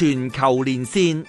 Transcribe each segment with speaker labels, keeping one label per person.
Speaker 1: 全球連線，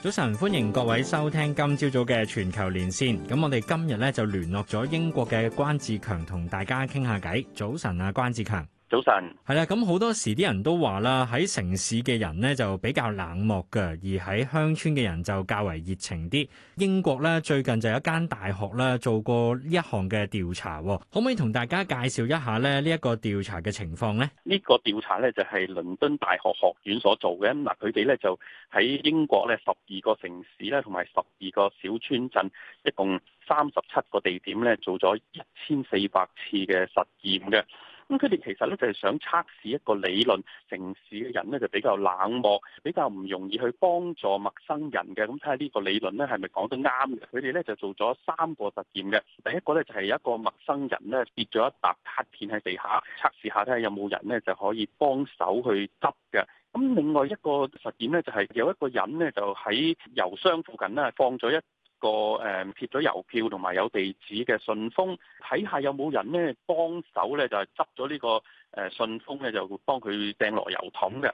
Speaker 1: 早晨，歡迎各位收聽今朝早嘅全球連線。噉我哋今日呢就聯絡咗英國嘅關志強，同大家傾下偈。早晨啊，關志強。早晨，係啦，咁好多時啲人都話啦，喺城市嘅人呢就比較冷漠㗎，而喺鄉村嘅人就較為熱情啲。英國呢最近就有一間大學啦做過呢一項嘅調查，可唔可以同大家介紹一下呢呢一個調查嘅情況呢？
Speaker 2: 呢個調查呢就係倫敦大學學院所做嘅，嗱，佢哋呢就喺英國呢十二個城市咧同埋十二個小村鎮，一共三十七個地點呢，做咗一千四百次嘅實驗嘅。咁佢哋其實咧就係想測試一個理論，城市嘅人咧就比較冷漠，比較唔容易去幫助陌生人嘅。咁睇下呢個理論咧係咪講得啱嘅？佢哋咧就做咗三個實驗嘅。第一個咧就係一個陌生人咧跌咗一沓卡片喺地下，測試下睇下有冇人咧就可以幫手去執嘅。咁另外一個實驗咧就係有一個人咧就喺郵箱附近咧放咗一一個誒貼咗郵票同埋有地址嘅信封，睇下有冇人咧幫手咧就係執咗呢個誒信封咧就會幫佢掟落郵筒嘅。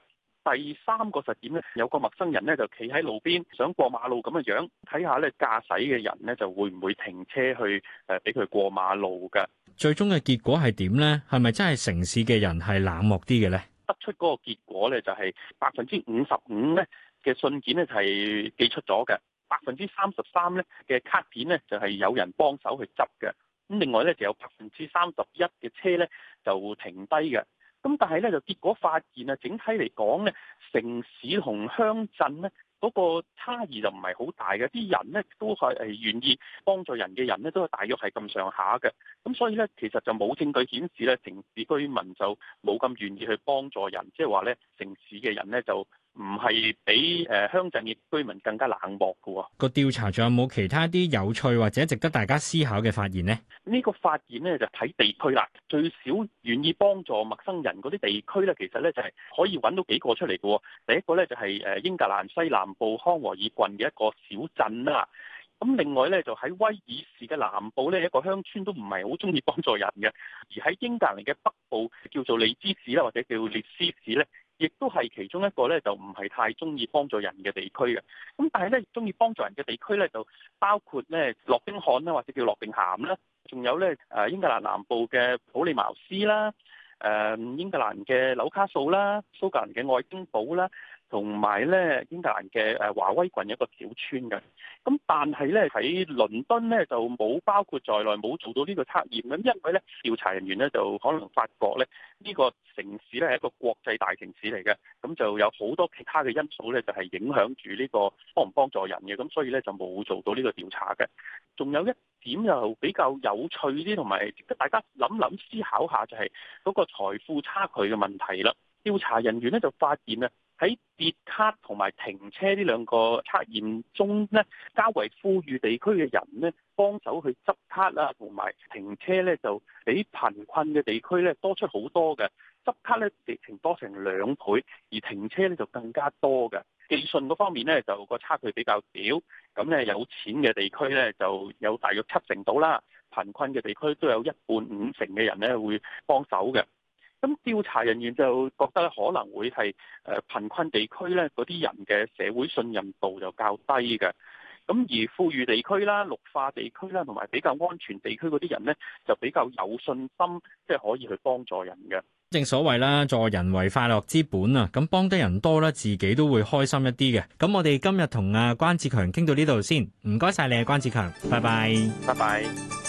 Speaker 2: 第三個實驗咧，有個陌生人咧就企喺路邊想過馬路咁嘅樣，睇下咧駕駛嘅人咧就會唔會停車去誒俾佢過馬路嘅。
Speaker 1: 最終嘅結果係點咧？係咪真係城市嘅人係冷漠啲嘅咧？
Speaker 2: 得出嗰個結果咧就係百分之五十五咧嘅信件咧係寄出咗嘅。百分之三十三咧嘅卡片咧就係有人幫手去執嘅，咁另外咧就有百分之三十一嘅車咧就停低嘅，咁但係咧就結果發現啊，整體嚟講咧，城市同鄉鎮咧嗰個差異就唔係好大嘅，啲人咧都係誒願意幫助人嘅人咧都係大約係咁上下嘅，咁所以咧其實就冇證據顯示咧城市居民就冇咁願意去幫助人，即係話咧城市嘅人咧就。唔係比誒鄉鎮嘅居民更加冷漠㗎喎。啊？
Speaker 1: 個調查仲有冇其他啲有趣或者值得大家思考嘅發現呢？
Speaker 2: 呢個發現呢，就睇地區啦。最少願意幫助陌生人嗰啲地區呢，其實呢，就係可以揾到幾個出嚟嘅。第一個呢，就係英格蘭西南部康和爾郡嘅一個小鎮啦。咁另外呢，就喺威爾士嘅南部呢，一個鄉村都唔係好中意幫助人嘅。而喺英格蘭嘅北部叫做利茲市啦，或者叫列斯市呢。亦都係其中一個咧，就唔係太中意幫助人嘅地區嘅。咁但係咧，中意幫助人嘅地區咧，就包括咧，諾丁漢啦，或者叫諾定咸啦，仲有咧，誒英格蘭南部嘅普利茅斯啦，誒、嗯、英格蘭嘅紐卡素啦，蘇格蘭嘅愛丁堡啦。同埋咧，英格蘭嘅誒華威郡一個小村嘅。咁，但係咧，喺倫敦咧就冇包括在內，冇做到呢個測驗咁，因為咧調查人員咧就可能發覺咧呢個城市咧係一個國際大城市嚟嘅，咁就有好多其他嘅因素咧就係影響住呢個幫唔幫助人嘅，咁所以咧就冇做到呢個調查嘅。仲有一點又比較有趣啲，同埋大家諗諗思考下，就係嗰個財富差距嘅問題啦。調查人員咧就發現呢。喺跌卡同埋停車呢兩個測驗中咧，較為富裕地區嘅人咧幫手去執卡啦，同埋停車咧就比貧困嘅地區咧多出好多嘅。執卡咧直情多成兩倍，而停車咧就更加多嘅。寄信嗰方面咧就個差距比較少，咁咧有錢嘅地區咧就有大約七成到啦，貧困嘅地區都有一半五成嘅人咧會幫手嘅。咁調查人員就覺得可能會係誒貧困地區咧，嗰啲人嘅社會信任度就較低嘅。咁而富裕地區啦、綠化地區啦，同埋比較安全地區嗰啲人咧，就比較有信心，即係可以去幫助人
Speaker 1: 嘅。正所謂啦，助人為快樂之本啊，咁幫得人多啦，自己都會開心一啲嘅。咁我哋今日同阿關志強傾到呢度先，唔該晒你啊，關志強，拜拜，拜拜。